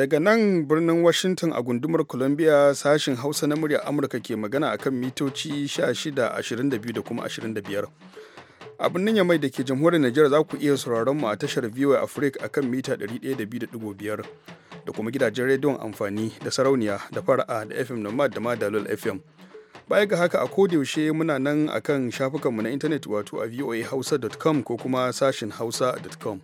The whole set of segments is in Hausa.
Daga nan birnin Washington a gundumar Columbia sashin Hausa na murya Amurka ke magana akan mitoci 16, 22 da kuma 25. A birnin Yamai da ke jamhuriyar Nijar za ku iya sauraron mu a tashar VOA Africa akan mita 102.5 da kuma gidajen rediyon amfani da sarauniya da fara'a da FM Nomad da Madalol FM. Baya ga haka a kodiyaushe muna nan akan shafukanmu na intanet wato a voahausa.com ko kuma sashin hausa.com.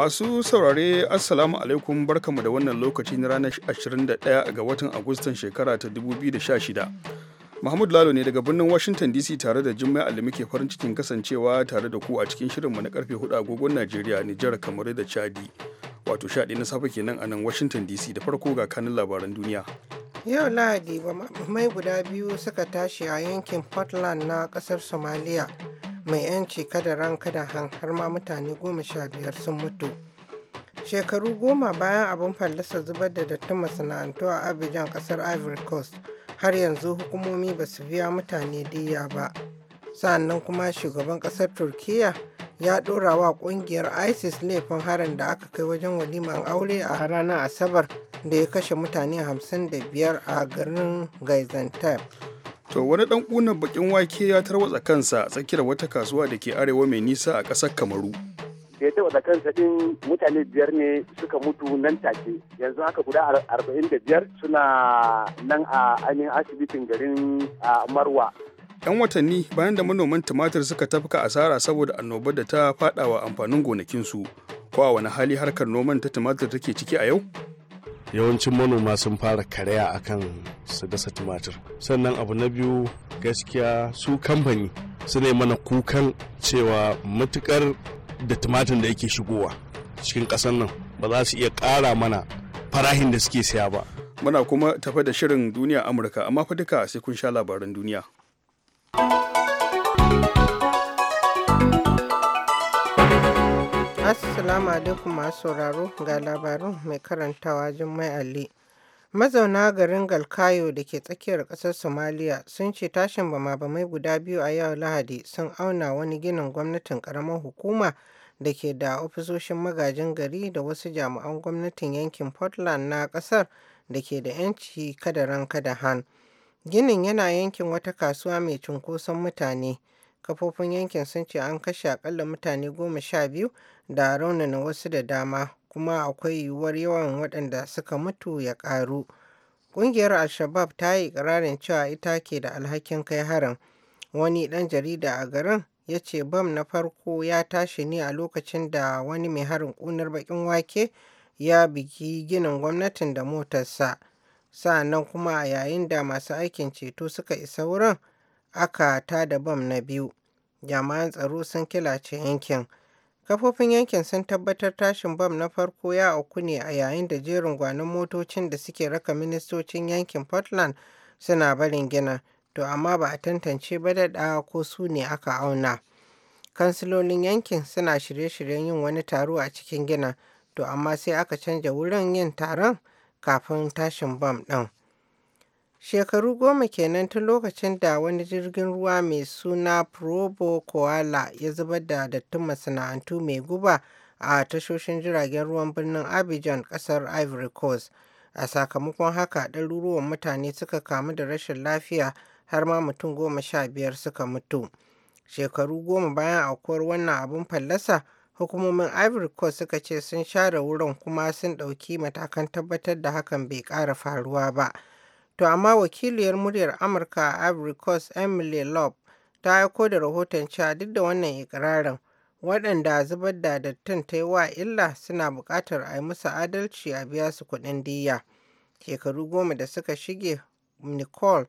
Masu saurare Assalamu alaikum barkamu da wannan lokaci na ranar 21 ga watan Agustan shekara ta 2016. Mahmud Lalo ne daga birnin Washington DC tare da Jummai Ali muke farin cikin kasancewa tare da ku a cikin shirinmu na karfe 4 agogon Najeriya, Nijar, Kamaru da Chadi. Wato shaɗi na safe kenan a nan Washington DC da farko ga kanin labaran duniya. Yau Lahadi ba mai guda biyu suka tashi a yankin Portland na kasar Somalia. mai 'yanci kada ran kada han har ma mutane goma sha biyar sun mutu shekaru goma bayan abin fallasa zubar da dattin masana'antu a abidjan kasar ivory coast har yanzu hukumomi ba su biya mutane diya ba sa'annan kuma shugaban kasar turkiya ya dora wa kungiyar isis laifin harin da aka kai wajen waliman aure a ranar asabar da ya kashe mutane 55 a garin gaizantar to wani dan kunan bakin wake ya tarwatsa kansa tsakiyar wata kasuwa da ke arewa mai nisa a ƙasar kamaru da ya tarwatsa kansa din mutane biyar ne suka mutu nan take yanzu haka guda arba'in da biyar suna nan a ainihin asibitin garin marwa yan watanni bayan da manoman tumatir suka tafka asara saboda annobar da ta faɗawa amfanin gonakinsu ko a wani hali harkar noman ta tumatir take ciki a yau yawancin manoma sun fara karaya akan su dasa tumatir sannan abu na biyu gaskiya su kamfani su ne mana kukan cewa matukar da tumatir da yake shigowa cikin ƙasar nan ba za su iya ƙara mana farahin da suke saya ba muna kuma tafa da shirin duniya amurka amma fa duka sai kun sha labaran duniya Assalamu alaikum masu sauraro ga labarin mai karantawa Jummai Ali. Mazauna garin Galkayo da ke tsakiyar ƙasar Somalia sun ce tashin bama-bamai guda biyu a yau Lahadi sun auna wani ginin gwamnatin ƙaramar hukuma da ke da ofisoshin magajin gari da wasu jami'an gwamnatin yankin Portland na ƙasar da ke da 'yanci kada ranka da han. Ginin yana yankin wata kasuwa mai cunkoson mutane. kafofin yankin sun ce an kashe akalla mutane goma sha biyu da raunana wasu da dama kuma akwai yiwuwar yawan waɗanda suka mutu ya ƙaru ƙungiyar al-shabab ta yi ƙirarin cewa ita ke da alhakin kai harin wani ɗan jarida a garin ya ce bam na farko ya tashi ne a lokacin da wani mai harin ƙunar baƙin wake ya bigi ginin gwamnatin da motarsa sa'annan kuma a yayin da masu aikin ceto suka isa wurin aka tada bam na biyu jami'an tsaro sun kilace yankin kafofin yankin sun tabbatar tashin bam na farko ya auku ne a yayin da jerin gwanin motocin da suke raka ministocin yankin portland suna barin gina to amma ba a tantance ba da ko su ne aka auna kansilolin yankin suna shirye-shiryen yin wani taro a cikin gina to amma sai aka canja wurin yin taron kafin tashin bam ɗin. Shekaru goma kenan tun lokacin da wani jirgin ruwa mai suna Probo Koala ya zubar da dattin masana'antu mai guba a tashoshin jiragen ruwan birnin Abidjan, ƙasar Ivory Coast. A sakamakon haka, ɗaruruwan mutane suka kamu da rashin lafiya har ma mutum goma sha biyar suka mutu. Shekaru goma bayan aukuwar wannan abin fallasa, hukumomin Ivory Coast suka ce sun share wurin kuma sun ɗauki matakan tabbatar da hakan bai ƙara faruwa ba. To amma wakiliyar muryar Amurka a Ivory Coast Emily Love ta aiko da rahoton cewa duk da wannan ikirarin, waɗanda zubar da dattin ta yi wa illa suna buƙatar a yi musu adalci a biya su kuɗin diya Shekaru goma da suka shige, Nicole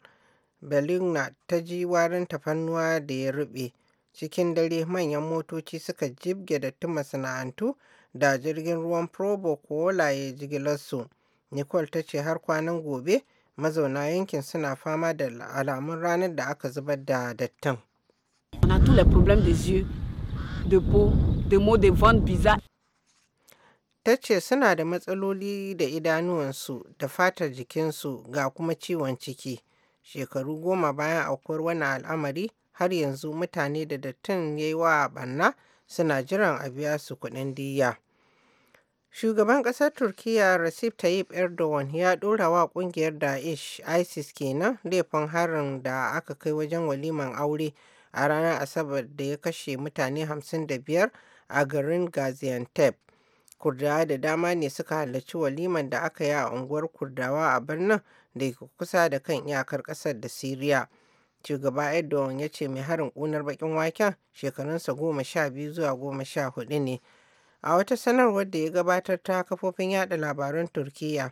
Belinda ta ji warin tafannuwa da ya ruɓe. Cikin dare manyan motoci suka jibge dattin masana'antu da jirgin ruwan Probo ko ya jigilarsu. Nicole ta ce har kwanan gobe mazauna yankin suna fama da alamun ranar da aka zubar da dattin. Ta ce suna da matsaloli da idanuwansu da fatar jikinsu ga kuma ciwon ciki. Shekaru goma bayan aukuwar wani al'amari har yanzu mutane da dattin yayi wa 'banna suna jiran a biya su kuɗin diyya. Shugaban ƙasar Turkiyya Recep Tayyip Erdogan ya ɗora wa ƙungiyar Daesh ISIS kenan laifin harin da aka kai wajen waliman aure a ranar Asabar da ya kashe mutane 55 a garin Gaziantep. Kurdawa da dama ne suka halarci waliman da aka yi a unguwar Kurdawa a birnin da ke kusa da kan iyakar ƙasar da Siriya. Shugaba Erdogan ya ce mai harin ƙunar baƙin waken shekarunsa goma sha biyu zuwa goma sha hudu ne. a wata sanarwar da ya gabatar ta kafofin yada labaran turkiyya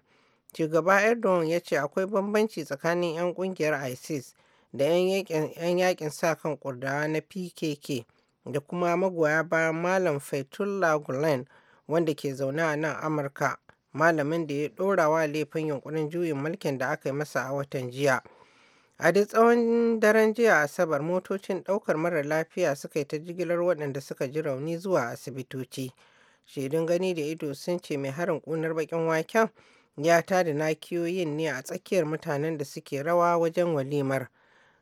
shugaba erdogan ya ce akwai bambanci tsakanin 'yan kungiyar isis da 'yan yakin sa kan kurdawa na pkk da kuma magoya bayan malam fetullah gulen wanda ke zaune a nan amurka malamin da ya ɗora wa laifin yunkurin juyin mulkin da aka yi masa a watan jiya a duk tsawon daren jiya asabar motocin ɗaukar mara lafiya suka yi ta jigilar waɗanda suka ji rauni zuwa asibitoci shaidun gani da ido sun ce mai harin ƙunar baƙin waken ya ta da nakiyoyin ne a tsakiyar mutanen da suke rawa wajen walimar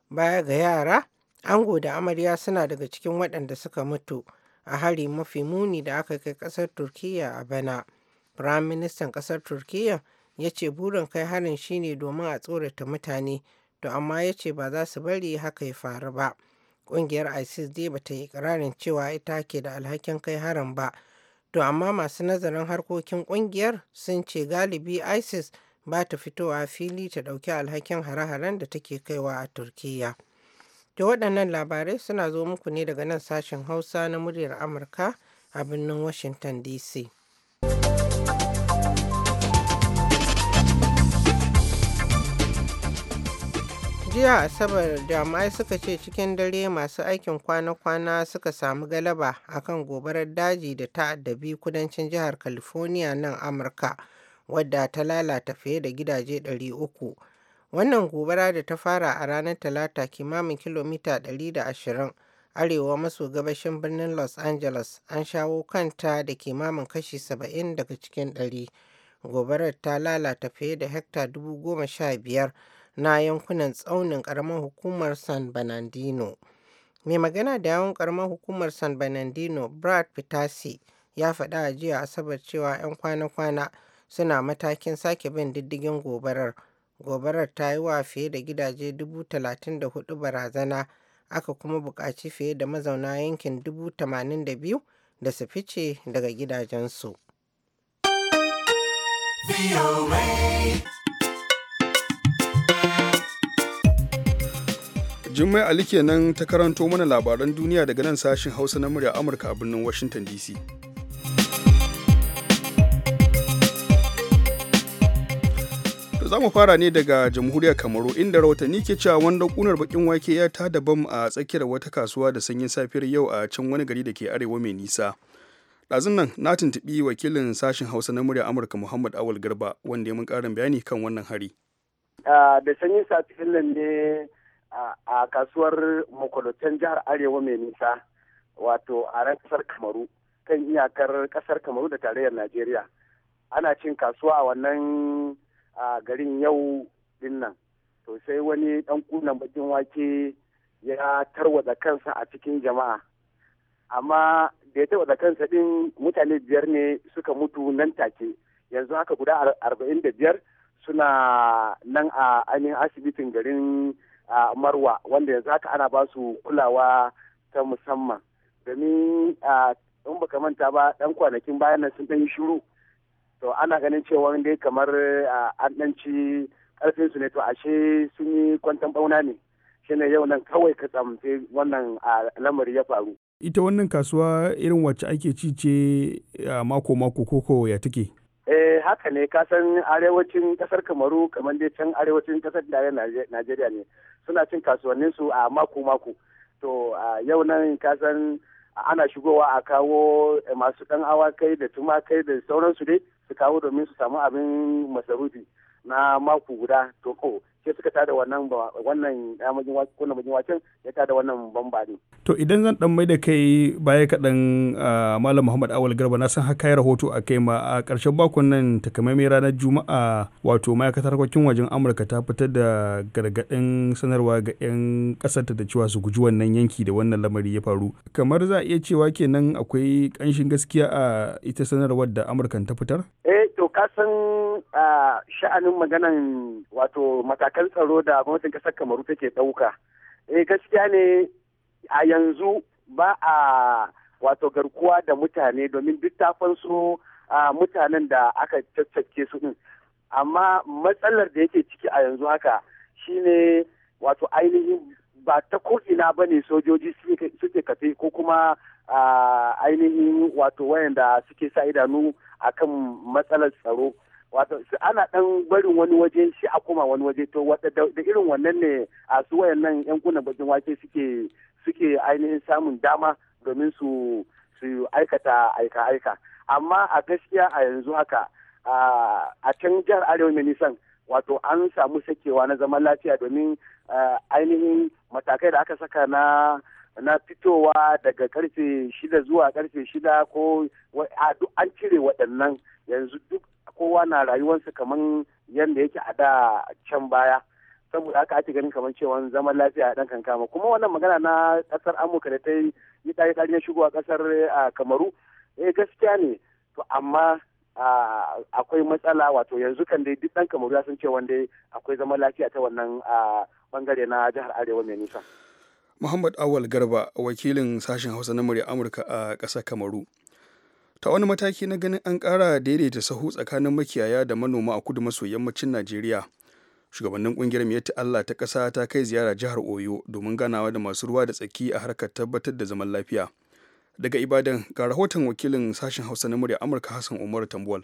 baya ga yara ango da amarya suna daga cikin waɗanda suka mutu a hari mafi muni da aka kai ƙasar turkiya a bana Firaministan ƙasar turkiya ya ce burin kai harin shine domin a tsorata mutane to amma ya ce ba za su bari haka ya faru ba ƙungiyar isis dai bata yi ƙirarin cewa ita ke da alhakin kai harin ba To amma masu nazarin harkokin kungiyar sun ce galibi ISIS ba ta fitowa fili ta ɗauki alhakin hare-haren da take kaiwa a Turkiyya. Da waɗannan labarai suna zo muku ne daga nan sashen Hausa na muryar Amurka a birnin Washington DC. jiya asabar jami'ai suka ce cikin dare masu aikin kwana-kwana suka samu galaba a kan gobarar daji da ta addabi kudancin jihar california nan amurka wadda ta lalata fiye da gidaje 300 wannan gobara da ta fara a ranar talata kimamin kilomita 120 arewa maso gabashin birnin los angeles an shawo kanta da kimamin kashi 70 daga cikin 100 gobarar ta lalata fiye da hekta 15,000 na yankunan tsaunin ƙaramar hukumar San Bernardino. Mai magana da yawon ƙaramar hukumar San Bernardino, Brad Pitasi, ya faɗa a jiya Asabar cewa 'yan kwana-kwana suna matakin sake bin diddigin gobarar. Gobarar ta yi wa fiye da gidaje dubu talatin da hudu barazana, aka kuma buƙaci fiye da mazauna yankin dubu tamanin da da su fice daga gidajensu. Jummai Ali kenan ta karanto mana labaran duniya daga nan sashin Hausa na murya Amurka a birnin Washington DC. za mu fara ne daga jamhuriyar kamaru inda rahotanni ke cewa wanda kunar bakin wake ya ta daban a tsakiyar wata kasuwa da sanyin safiyar yau a can wani gari da ke arewa mai nisa ɗazun nan na tuntuɓi wakilin sashen hausa na murya amurka muhammad awal garba wanda ya mun ƙarin bayani kan wannan hari da sanyin safiyar nan ne a kasuwar makwalotan jihar arewa mai nisa wato a ran kasar kamaru kan iyakar kasar kamaru da tarayyar najeriya ana cin kasuwa a wannan garin yau dinnan to sai wani dan kunan bakin wake ya tarwatsa kansa a cikin jama'a amma da ya tarwada kansa din mutane biyar ne suka mutu nan take yanzu haka guda arba'in da biyar suna nan a ainihin asibitin garin a marwa wanda yanzu haka ana ba su kulawa ta musamman domin in baka manta ba dan kwanakin bayan nan sun dan yi shiru to ana ganin cewa dai kamar an dan ci karfin su ne to ashe sun yi kwantan bauna ne shine yau nan kawai ka tsamfe wannan lamari ya faru ita wannan kasuwa irin wacce ake ci ce mako mako koko ya take eh haka ne kasan arewacin kasar kamaru kamar dai can arewacin kasar da najeriya ne suna cin kasuwannin su a mako mako to yau nan kasan ana shigowa a kawo eh, masu ɗan awakai da tumakai da sauransu dai su kawo domin su samu abin masarufi na mako guda to sai suka tada wannan wannan ya tada wannan bambari. To idan zan dan da kai baya kaɗan Malam Muhammad Awal Garba na san haka ya rahoto a kai ma a ƙarshen bakon nan takamaimai ranar Juma'a wato ma'aikatar harkokin wajen Amurka ta fitar da gargaɗin sanarwa ga 'yan ƙasarta da cewa su guji wannan yanki da wannan lamari ya faru. Kamar za iya cewa kenan akwai ƙanshin gaskiya a ita sanarwar da Amurkan ta fitar? Eh to kasan sha'anin maganan wato matakan kan tsaro da gwamnatin kasar kamaru take ɗauka eh gaskiya ne a yanzu ba a wato garkuwa da mutane domin duk ta a mutanen da aka caccake su din amma matsalar da yake ciki a yanzu haka shine wato ainihin ba ta ko'ina ba ne sojoji suke kafe ko kuma ainihin wato wayanda suke sa idanu akan matsalar tsaro wato ana dan barin wani waje shi a koma wani waje to da irin wannan ne a su wayannan yan kunan bakin wake suke suke ainihin samun dama domin su su aikata aika aika amma a gaskiya a yanzu haka a can jihar arewa mai nisan wato an samu sakewa na zaman lafiya domin eh, ainihin matakai da aka saka na na fitowa daga karfe shida zuwa karfe shida ko an cire waɗannan yanzu duk kowa na rayuwarsa kamar yadda yake a da can baya saboda haka ake ganin kamar cewa zaman lafiya dan kankama kuma wannan magana na kasar amurka da ta yi kare kare na shigo a kasar kamaru eh gaskiya ne to amma akwai matsala wato yanzu kan dai duk dan kamaru ya san cewa dai akwai zaman lafiya ta wannan bangare na jihar arewa mai nisa Muhammad Awal Garba wakilin sashen Hausa na murya Amurka a ƙasar Kamaru. Ta wani mataki na ganin an ƙara daidaita sahu tsakanin makiyaya da manoma a kudu maso yammacin Najeriya. Shugabannin ƙungiyar Miyatta Allah ta ƙasa ta kai ziyara jihar Oyo domin ganawa da masu ruwa da tsaki a harkar tabbatar da zaman lafiya. Daga Ibadan ga rahoton wakilin sashen Hausa na murya Amurka Hassan Umar Tambuwal.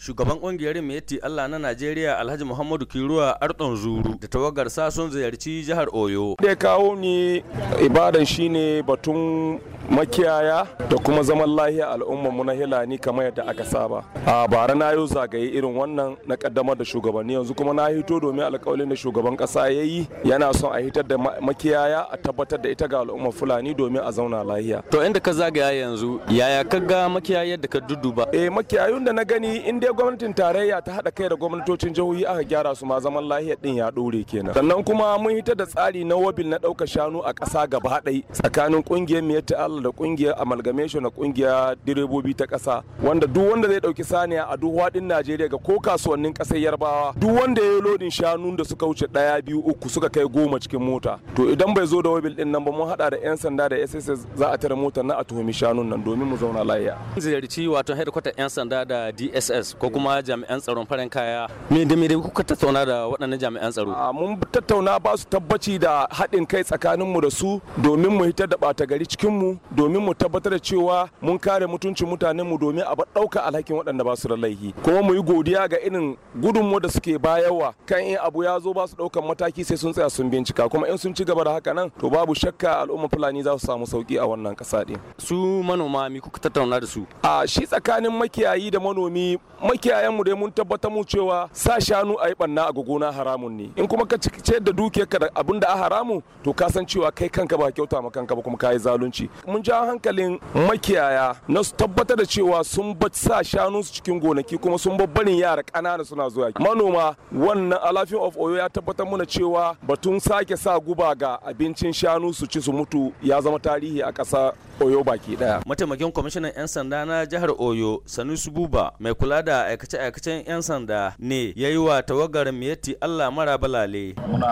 Shugaban ƙungiyar Meti Allah na Najeriya Alhaji Muhammadu Kiruwa Arton Zuru da tawagarsa sun ziyarci jihar Oyo. Da ya kawo ni ibadan shine batun makiyaya da kuma zaman lahiya al'ummar mu na Hilani kamar yadda aka saba. A bara na yi zagaye irin wannan na kaddamar da shugabanni yanzu kuma na hito domin alƙawalin da shugaban ƙasa ya yi yana son a hitar da makiyaya a tabbatar da ita ga al'ummar Fulani domin a zauna lahiya. To inda ka zagaya yanzu yaya ka ga makiyayar da ka dudduba Eh makiyayun da na gani inda dai gwamnatin tarayya ta haɗa kai da gwamnatocin jihohi aka gyara su ma zaman lahiyar din ya ɗore kenan sannan kuma mun hita da tsari na wabil na ɗaukar shanu a ƙasa gaba ɗai tsakanin ƙungiyar miyar Allah da ƙungiyar amalgamation na ƙungiyar direbobi ta ƙasa wanda duk wanda zai ɗauki saniya a duk waɗin Najeriya ga ko kasuwannin ƙasar Yarbawa duk wanda ya yi lodin shanu da suka wuce ɗaya biyu uku suka kai goma cikin mota to idan bai zo da wabil din nan ba mun haɗa da 'yan sanda da SSS za a tare motar na a tuhumi shanun nan domin mu zauna lafiya. Ziyarci wato headquarter 'yan sanda da DSS ko kuma jami'an tsaron farin kaya me da me da kuka tattauna da waɗannan jami'an tsaro mun tattauna ba su tabbaci da haɗin kai tsakanin mu da su domin mu hitar da ɓata gari cikin mu domin mu tabbatar da cewa mun kare mutuncin mutanen mu domin a ɗauka alhakin waɗanda ba su da laifi kuma mu yi godiya ga irin gudunmu da suke bayarwa kan in abu ya zo ba su ɗaukan mataki sai sun tsaya sun bincika kuma in sun ci gaba da haka nan to babu shakka al'umma fulani za su samu sauki a wannan ƙasa ɗin su manoma mi kuka tattauna da su a shi tsakanin makiyayi da manomi makiyayanmu dai mun tabbatar mu cewa sa shanu a yi banna a gona haramun ne in kuma ka ce da dukiyarka da abin da a haramu to ka san cewa kai kanka ba kyauta ma kanka ba kuma ka yi zalunci mun ja hankalin makiyaya na su tabbatar da cewa sun ba sa shanu su cikin gonaki kuma sun ba barin yara ƙanana suna zuwa manoma wannan alafin of oyo ya tabbatar mana cewa batun sake sa guba ga abincin shanu su ci su mutu ya zama tarihi a ƙasa oyo baki daya mataimakin kwamishinan 'yan sanda na jihar oyo sanusi buba mai kula da aikace-aikacen 'yan sanda ne ya yi wa tawagar miyatti allah mara balale muna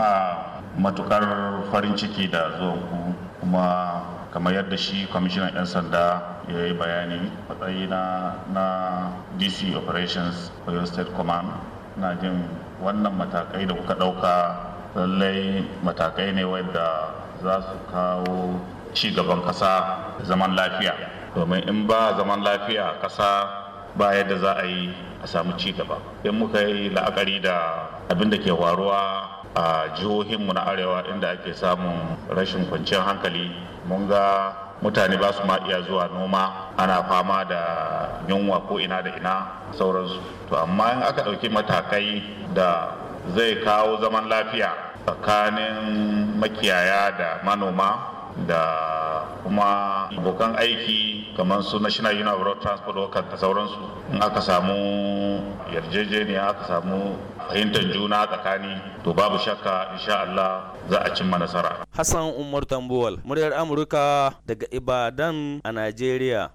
matukar farin ciki da zuwa ku kuma kamar yadda shi kwamishinan 'yan sanda ya yi bayani matsayi na dc operations oyo state command na jin wannan matakai da kuka ɗauka lallai matakai ne wadda za su kawo ci gaban ƙasa zaman lafiya domin in ba zaman lafiya ƙasa ba yadda za a yi a samu ci gaba in muka yi la'akari da abin da ke faruwa a jihohinmu na arewa inda ake samun rashin kwanciyar hankali mun ga mutane ba su ma iya zuwa noma ana fama da yunwa ko ina da ina sauransu to amma in aka ɗauki matakai da zai kawo zaman lafiya tsakanin makiyaya da manoma da kuma abokan aiki kamar su national union of road transport workers da sauransu in aka samu yarjejeniya aka samu fahimtar juna tsakani to babu shakka insha Allah za a cimma nasara Hassan Umar Tambuwal muryar Amurka daga Ibadan a Najeriya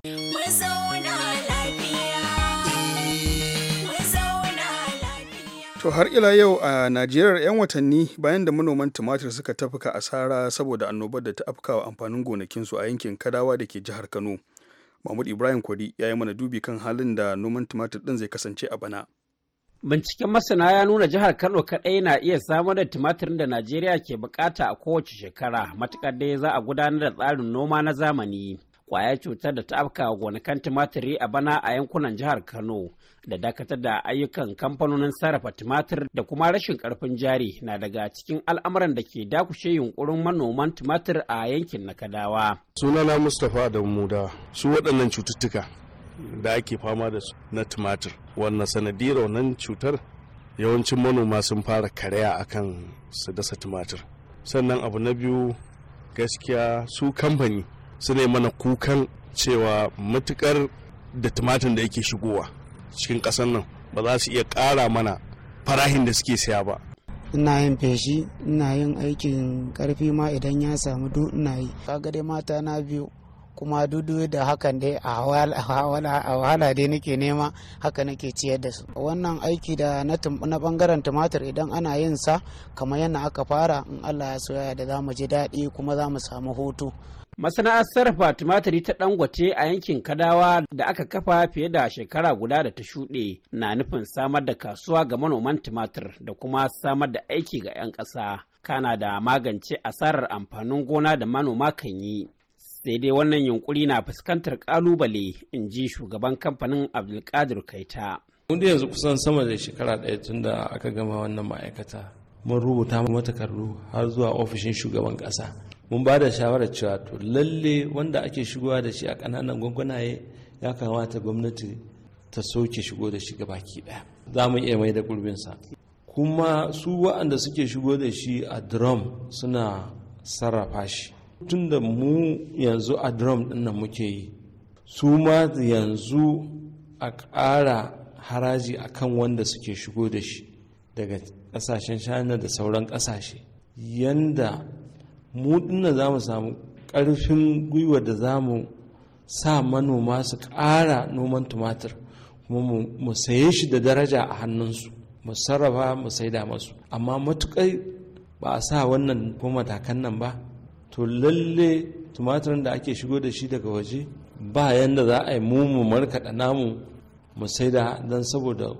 To har ila yau a Najeriya 'yan watanni bayan da manoman tumatir suka tafka asara saboda annobar da ta afkawa amfanin gonakinsu a yankin Kadawa da ke jihar Kano. Mahmud Ibrahim Kwari ya yi mana dubi kan halin da noman tumatir ɗin zai kasance a bana. Binciken masana ya nuna jihar Kano kaɗai na iya samar da tumatirin da Najeriya ke bukata a kowace shekara matuƙar dai za a gudanar da tsarin noma na zamani. Kwaya cutar da ta afka gonakan tumatiri a bana a yankunan jihar Kano da dakatar da ayyukan kamfanonin sarrafa tumatir da kuma rashin karfin jari na daga cikin al'amuran da ke dakushe yunkurin manoman tumatir a yankin na kadawa sunana mustapha da muda su waɗannan cututtuka da ake fama da su na tumatir wannan sanadiyar wannan cutar yawancin manoma sun fara karaya akan su dasa tumatir sannan abu na biyu gaskiya su kamfani su ne mana kukan cewa matukar da tumatir da yake shigowa cikin ƙasar nan ba za su iya ƙara mana farahin da suke saya ba ina yin feshi ina yin aikin karfi ma idan ya samu duk ina yi kaga dai mata na biyu kuma dudu da hakan dai a wahala dai nake nema haka nake ciyar da su wannan aiki da na bangaren tumatir idan ana yin sa kamar yana aka fara in allah ya soya da za mu ji daɗi kuma za mu samu hutu Masana'ar sarrafa tumatiri ta dangote a yankin Kadawa da aka kafa fiye da shekara guda da ta shuɗe na nufin samar da kasuwa ga manoman tumatir da kuma samar da aiki ga 'yan ƙasa. Kana da magance asarar amfanin gona da manoma kan yi. sai dai wannan yunkuri na fuskantar ƙalubale, in ji shugaban kamfanin abdulkadir kaita mun yanzu kusan sama da shekara ɗaya tun da aka gama wannan ma'aikata mun rubuta matakardu har zuwa ofishin shugaban ƙasa mun ba da shawarar cewa to lalle wanda ake shigowa da shi a ƙananan gwangwanaye ya kamata gwamnati ta soke shigo da shi baki ɗaya za mu iya mai da gurbinsa kuma su waɗanda suke shigo da shi a drum suna sarrafa shi tun da mu yanzu a drum ɗin nan muke yi su ma yanzu a ƙara haraji a kan wanda suke shigo da shi daga ƙasashen shanar da sauran ƙasashe yanda mu dinnan za mu samu ƙarfin gwiwa da za mu sa manoma su ƙara noman tumatir kuma mu saye shi da daraja a hannunsu mu sarrafa mu saida masu amma matukai ba a sa wannan ko matakan nan ba to lalle tumatirin da ake shigo da shi daga waje ba yanda za a yi mu markaɗa namu mu saida don saboda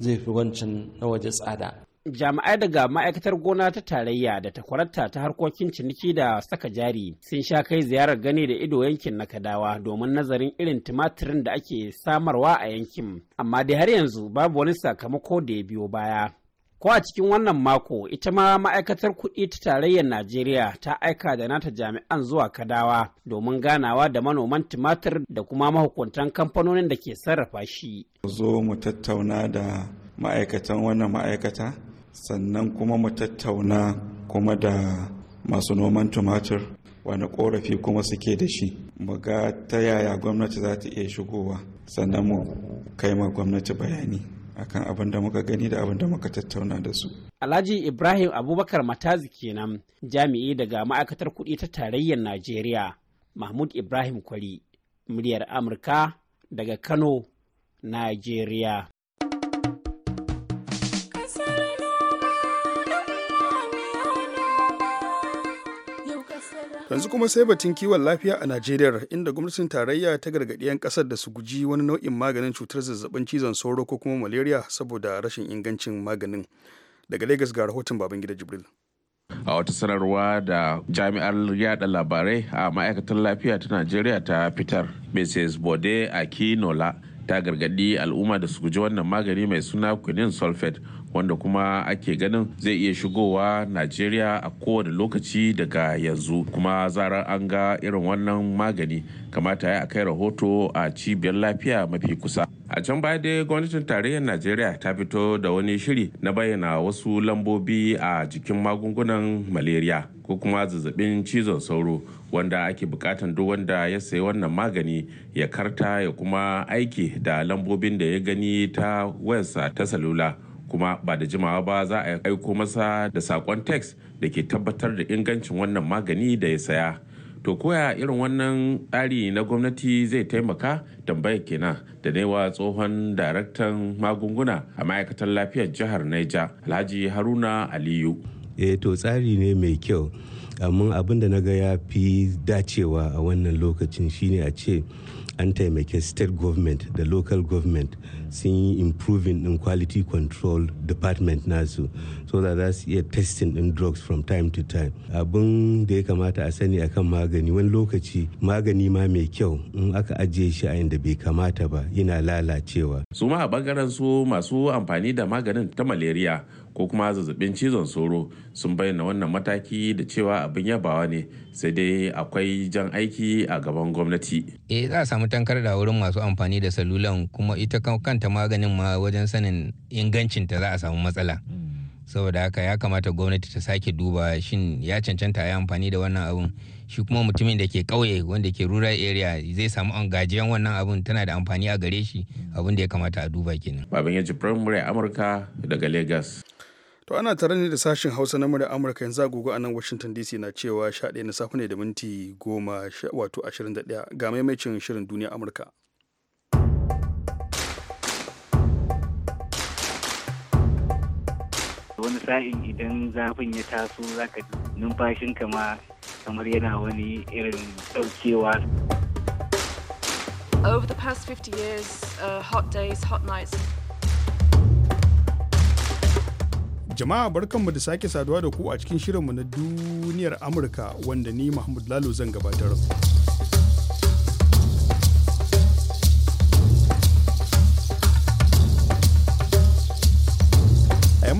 zai fi wancan na waje tsada jami'ai daga ma'aikatar gona ta tarayya da takwararta ta harkokin ciniki da saka jari sun sha kai ziyarar gani da ido yankin na kadawa domin nazarin irin tumatirin da ake samarwa a yankin amma dai har yanzu babu wani sakamako da ya biyo baya ko a cikin wannan mako ita ma ma'aikatar kuɗi ta tarayyar najeriya ta aika da nata jami'an zuwa kadawa domin ganawa da manoman tumatir da kuma mahukuntan kamfanonin da ke sarrafa shi zo mu tattauna da ma'aikatan wannan ma'aikata sannan kuma mu tattauna kuma da masu noman tumatir wani korafi kuma suke da shi mu ga ta yaya gwamnati za ta iya shigowa sannan mu kai ma gwamnati bayani akan abin da muka gani da abin da muka tattauna da su. Alhaji Ibrahim Abubakar Matazi kenan jami'i daga ma'aikatar kuɗi ta tarayyar Najeriya Mahmud Ibrahim Kwari muryar Amurka daga Kano, Najeriya. yanzu kuma sai batun kiwon lafiya a najeriya inda gwamnatin tarayya ta gargaɗi 'yan ƙasar da su guji wani nau'in maganin cutar zazzabin cizon sauro ko kuma malaria saboda rashin ingancin maganin daga lagos ga rahoton baban babangida jibril a wata sanarwa da jami'ar yada labarai a ma'aikatar lafiya ta najeriya ta fitar mrs bode akinola ta gargaɗi al'umma da su guji wannan magani mai suna quinine sulfate wanda kuma ake ganin zai iya shigowa najeriya a kowane lokaci daga yanzu kuma zarar an ga irin wannan magani kamata ya kai rahoto a cibiyar lafiya mafi kusa a can baya dai gwamnatin tarayyar najeriya ta fito da wani shiri na bayyana wasu lambobi a jikin magungunan malaria ko kuma zazzabin cizon sauro wanda ake bukatan duk wanda ya sayi wannan magani ya karta ya kuma aiki da lambobin da ya gani ta wayarsa ta salula kuma ba da jimawa ba za a aiko masa da sakon text da ke tabbatar da ingancin wannan magani da ya saya to koya irin wannan tsari na gwamnati zai taimaka tambaya kenan da naiwa tsohon daraktan magunguna a ma'aikatar lafiyar jihar naija alhaji haruna aliyu e to tsari ne mai kyau amma abin da na ga ya fi dacewa a wannan lokacin shine a ce an taimake state government da local government sun yi improving din quality control department nasu so that za su iya testing din drugs from time to time abin da ya kamata a sani akan magani wani lokaci magani ma mai kyau in aka ajiye shi a inda bai kamata ba yana lalacewa su ma a bangaren su masu amfani da maganin ta malaria ko kuma zazzabin cizon sauro sun bayyana wannan mataki da cewa abin yabawa ne sai dai akwai jan aiki a gaban gwamnati. eh za a samu tankar da wurin masu amfani da salulan kuma ita kanta inganta maganin ma wajen sanin ingancin ta za a samu matsala saboda haka ya kamata gwamnati ta sake duba shin ya cancanta ya amfani da wannan abun shi kuma mutumin da ke kauye wanda ke rural area zai samu an gajiyan wannan abun tana da amfani a gare shi abun da ya kamata a duba kenan baban yaji primary amurka daga lagos to ana tare ne da sashen hausa na murya amurka yanzu agogo a nan washington dc na cewa sha na safe ne da minti goma wato 21 ga maimacin shirin duniya amurka sa'in idan zafin ya taso zaka numfashin kama kamar yana wani irin daukewa Over the past 50 years, uh, hot days, hot nights. Jama'a barkanmu da sake saduwa da ku a cikin shirinmu na duniyar Amurka wanda ni Mahmud Lalo zan gabatar.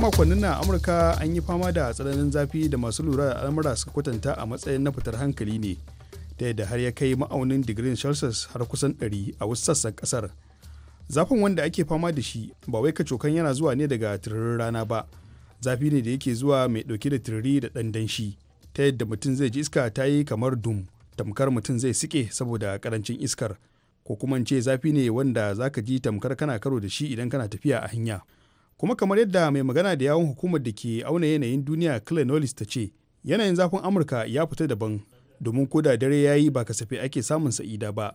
makonnin na amurka an yi fama da tsananin zafi da masu lura da al'amura suka kwatanta a matsayin na fitar hankali ne ta yadda har ya kai ma'aunin digirin celsius har kusan 100 a wasu sassan kasar zafin wanda ake fama da shi ba wai ka cokan yana zuwa ne daga tiririn rana ba zafi ne da yake zuwa mai dauke da tiriri da ɗan shi ta yadda mutum zai ji iska ta yi kamar dum tamkar mutum zai sike saboda karancin iskar ko kuma ce zafi ne wanda zaka ji tamkar kana karo da shi idan kana tafiya a hanya kuma kamar yadda mai magana da yawon hukumar da ke auna yanayin duniya clay knowles ta ce yanayin zafin amurka ya fita daban domin ko da dare ya yi ba kasafe ake samun sa'ida ba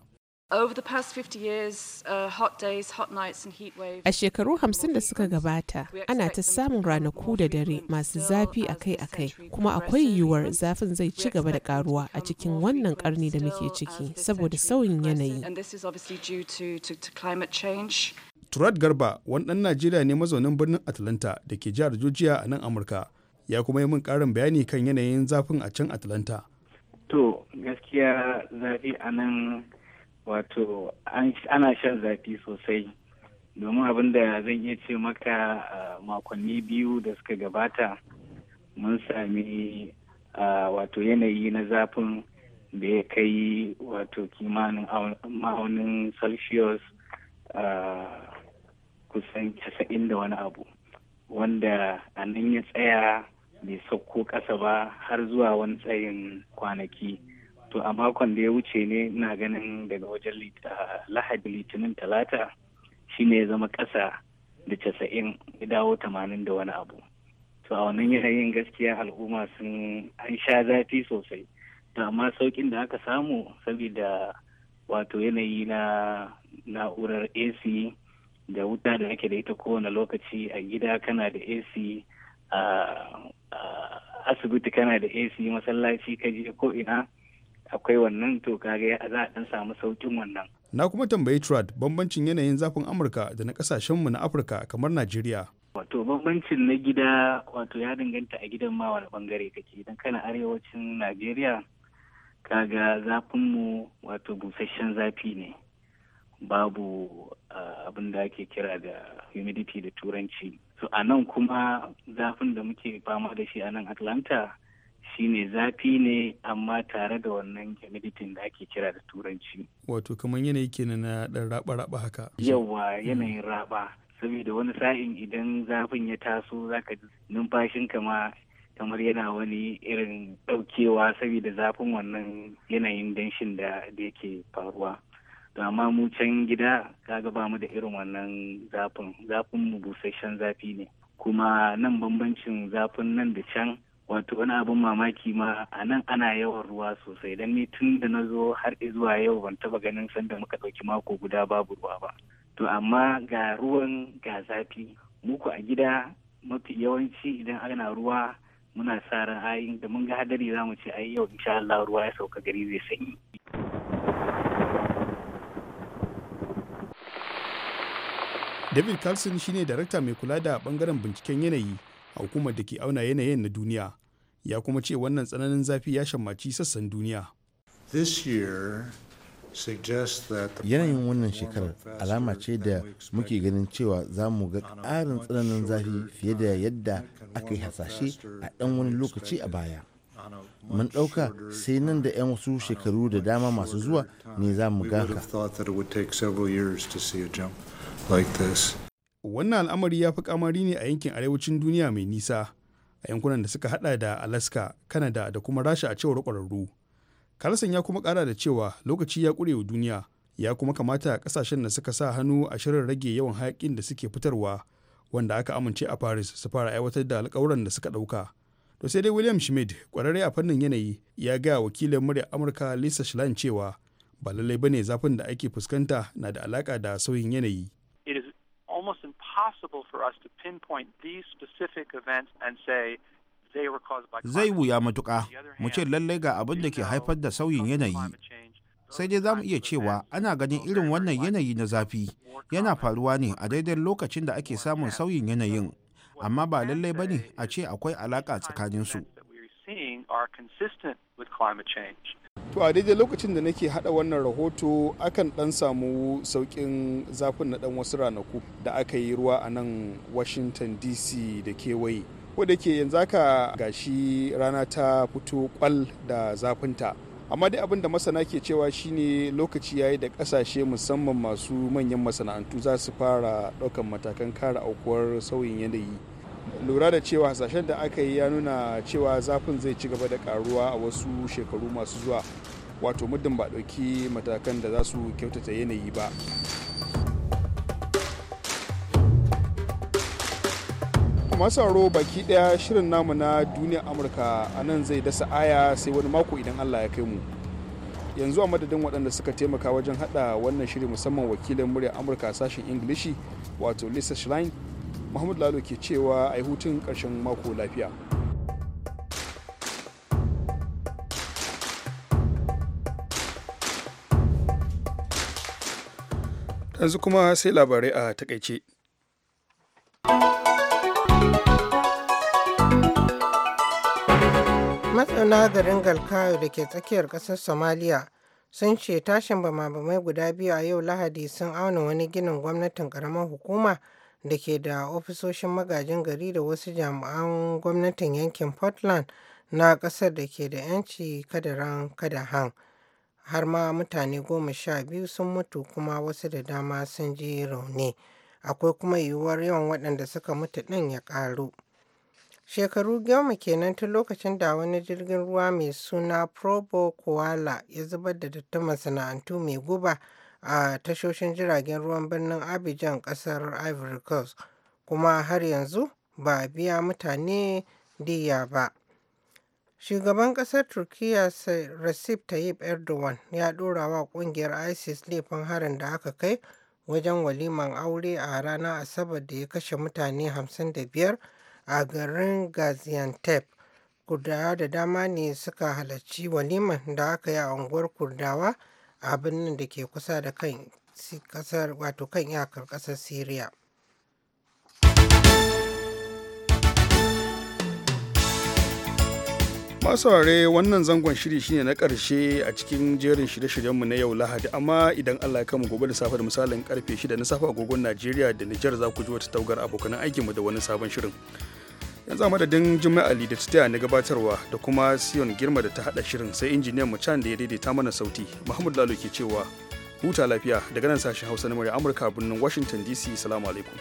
A shekaru hamsin da suka gabata, ana ta samun ranaku da dare masu zafi akai-akai, kuma akwai yiwuwar zafin zai ci gaba da karuwa a cikin wannan karni da muke ciki saboda sauyin yanayi. Turat Garba wani ɗan Najeriya ne mazaunin birnin Atlanta da ke jihar Georgia a nan Amurka ya kuma yi min ƙarin bayani kan yanayin zafin a can Atlanta. To gaskiya zafi a nan wato ana shan zafi sosai domin abin da zan iya ce maka makonni biyu da suka gabata mun sami wato yanayi na zafin da ya kai wato kimanin ma'aunin celsius kusan casa'in da wani abu wanda a nan ya tsaya bai sauko ƙasa ba har zuwa wani tsayin kwanaki to a makon da ya wuce ne na ganin daga wajen lahadi litinin talata shine ya zama ƙasa da casa'in ya dawo tamanin da wani abu to a wannan yanayin gaskiya al'umma sun an sha zafi sosai to amma saukin da aka samu saboda wato yanayi na na'urar ac da wuta da ake da ita kowane lokaci a gida kana da ac a asibiti kana da ac masallaci ka je ko ina akwai wannan to kaga za a dan samu saukin wannan na kuma tambayi trad bambancin yanayin zafin amurka da na mu na afirka kamar najeriya wato bambancin na gida wato ya danganta a gidan ma wani bangare kake idan kana arewacin najeriya kaga mu wato busasshen zafi ne babu ah, abin da ake kira da humidity da turanci so a nan kuma zafin da muke fama da shi a nan atlanta shine zafi ne amma tare da wannan humidity da ake kira da turanci wato kamar yanayi kenan na dan raba-raba haka yawa hmm. yanayin raba saboda wani sa'in idan zafin ya taso zaka ji numfashin kama kamar yana wani irin daukewa saboda zafin wannan yanayin danshin da yake faruwa to amma mu can gida kaga ba mu da irin wannan zafin zafin mu busasshen zafi ne kuma nan bambancin zafin nan da can wato wani abin mamaki ma a nan ana yawan ruwa sosai don ni tun da na zo har zuwa yau ban taba ganin sanda muka ɗauki mako guda babu ruwa ba to amma ga ruwan ga zafi muku a gida mafi yawanci idan ana ruwa muna sa ran da mun ga hadari za mu ce ai yau insha Allah ruwa ya sauka gari zai sanyi david carlson shine darakta mai kula da bangaren binciken yanayi a hukumar da ke auna yanayin na duniya ya kuma ce wannan tsananin zafi ya shammaci sassan duniya yanayin wannan shekarar alama ce da muke ganin cewa za mu ga ƙarin tsananin zafi fiye da yadda aka yi hasashe a ɗan wani lokaci a baya mun ɗauka sai nan da 'yan wasu shekaru da dama masu zuwa ne za mu ganka like this. Wannan al'amari ya fi kamari ne a yankin arewacin duniya mai nisa, a yankunan da suka hada da Alaska, Canada da kuma Rasha a cewar ƙwararru. Carlson ya kuma ƙara da cewa lokaci ya ƙurewa duniya, ya kuma kamata ƙasashen da suka sa hannu a shirin rage yawan hayaƙin da suke fitarwa, wanda aka amince a Paris su fara aiwatar da alƙawuran da suka ɗauka. To sai dai William Schmidt, ƙwararre a fannin yanayi, ya gaya wakilin murya Amurka Lisa Schlein cewa ba lallai bane zafin da ake fuskanta na da alaƙa da sauyin yanayi. impossible for us to pinpoint these specific events and say Zai wuya matuka mu ce lallai ga abin da ke haifar da sauyin yanayi. Sai dai za mu iya cewa ana ganin irin wannan yanayi na zafi yana faruwa ne a daidai lokacin da ake samun sauyin yanayin, amma ba lallai ba ne a ce akwai alaƙa tsakaninsu. to a daidai lokacin da nake hada wannan rahoto akan dan samu saukin zafin na dan wasu ranaku da aka yi ruwa a nan washington dc da kewaye da ke yanzu haka gashi rana ta fito kwal da zafinta amma dai abin da masana ke cewa shine lokaci yayi da kasashe musamman masu manyan masana'antu za su fara daukan matakan kare aukuwar sauyin yanayi lura da cewa hasashen da aka yi ya nuna cewa zafin zai ci gaba da karuwa a wasu shekaru masu zuwa wato muddin ba ɗauki matakan da za su kyautata yanayi ba masaro baki daya shirin namu na duniyar amurka a nan zai dasa aya sai wani mako idan allah ya kai mu yanzu a madadin waɗanda suka taimaka wajen hada wannan shiri musamman wakilin muryar amurka sashen ingilishi wato lisa shrine Muhammadu Lalo ke cewa a yi hutun ƙarshen mako lafiya. yanzu kuma sai labarai a takaice matsana garin galkayo da ke tsakiyar kasar somaliya sun ce tashin bama-bamai guda biyu a yau lahadi sun auna wani ginin gwamnatin karamar hukuma da ke da ofisoshin magajin gari da wasu jami'an gwamnatin yankin Portland na ƙasar da ke da 'yanci kada ran kada han. Har ma mutane goma sha biyu sun mutu kuma wasu da dama sun ji rauni. Akwai kuma yiwuwar yawan waɗanda suka mutu ɗin ya ƙaru. Shekaru goma kenan tun lokacin da wani jirgin ruwa mai suna Probo Koala ya zubar da dattin masana'antu mai guba a tashoshin jiragen ruwan birnin Abidjan kasar Ivory Coast, kuma har yanzu ba a biya mutane diya ba. Shugaban kasar turkiya Recep Tayyip Erdogan ya ɗora wa ƙungiyar ISIS laifin harin da aka kai wajen waliman aure a ranar Asabar da ya kashe mutane 55 a garin Gaziantep. Kurdawa da dama ne suka halarci waliman da aka yi a unguwar Kurdawa a birnin da ke kusa da kan kasar wato kan iyakar kasar syria masaurare wannan zangon shiri shine na karshe a cikin jerin shirye-shiryenmu na yau lahadi amma idan allah ya kama gobe da safe da misalin karfe 6 na safe agogon najeriya da nijar za ku ji wata taugar abokan aikinmu da wani sabon shirin yanzu a madadin jimai ali da ta na gabatarwa da kuma siyon girma da ta hada shirin sai injiniyan mucan da ya daidaita mana sauti muhammadu lalo ke cewa huta lafiya daga nan sashen hausa na murya amurka birnin washington dc salamu alaikum